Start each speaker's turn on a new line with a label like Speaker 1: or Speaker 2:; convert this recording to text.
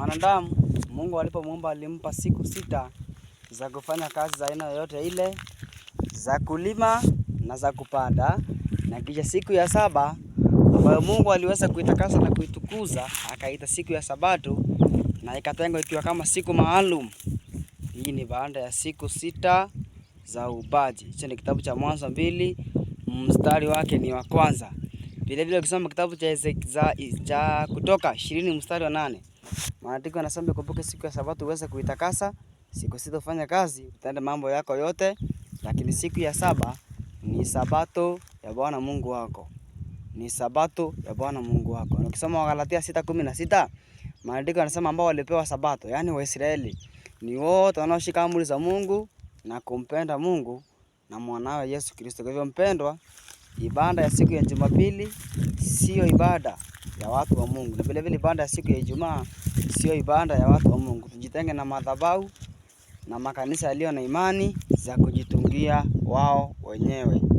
Speaker 1: Mwanadamu Mungu alipomuumba alimpa siku sita za kufanya kazi za aina yoyote ile, za kulima na za kupanda, na kisha siku ya saba ambayo Mungu aliweza kuitakasa na kuitukuza, akaita siku ya Sabato na ikatengwa ikiwa kama siku maalum. Hii ni baada ya siku sita za uumbaji. Hicho ni kitabu cha Mwanzo mbili mstari wake ni wa kwanza. Vilevile ukisoma kitabu cha, cha Kutoka ishirini mstari wa nane Maandiko yanasema ukumbuke siku ya Sabato uweze kuitakasa, siku sita ufanya kazi, utende mambo yako yote, lakini siku ya saba ni Sabato ya Bwana Mungu wako. Ni Sabato ya Bwana Mungu wako. Na ukisoma Wagalatia 6:16, maandiko yanasema ambao walipewa Sabato, yani Waisraeli, ni wote wanaoshika amri za Mungu na kumpenda Mungu na mwanawe Yesu Kristo. Kwa hivyo mpendwa ibada ya siku ya Jumapili siyo ibada ya watu wa Mungu, na vilevile ibada ya siku ya Ijumaa siyo ibada ya watu wa Mungu. Tujitenge na madhabahu na makanisa yaliyo na imani za kujitungia wao wenyewe.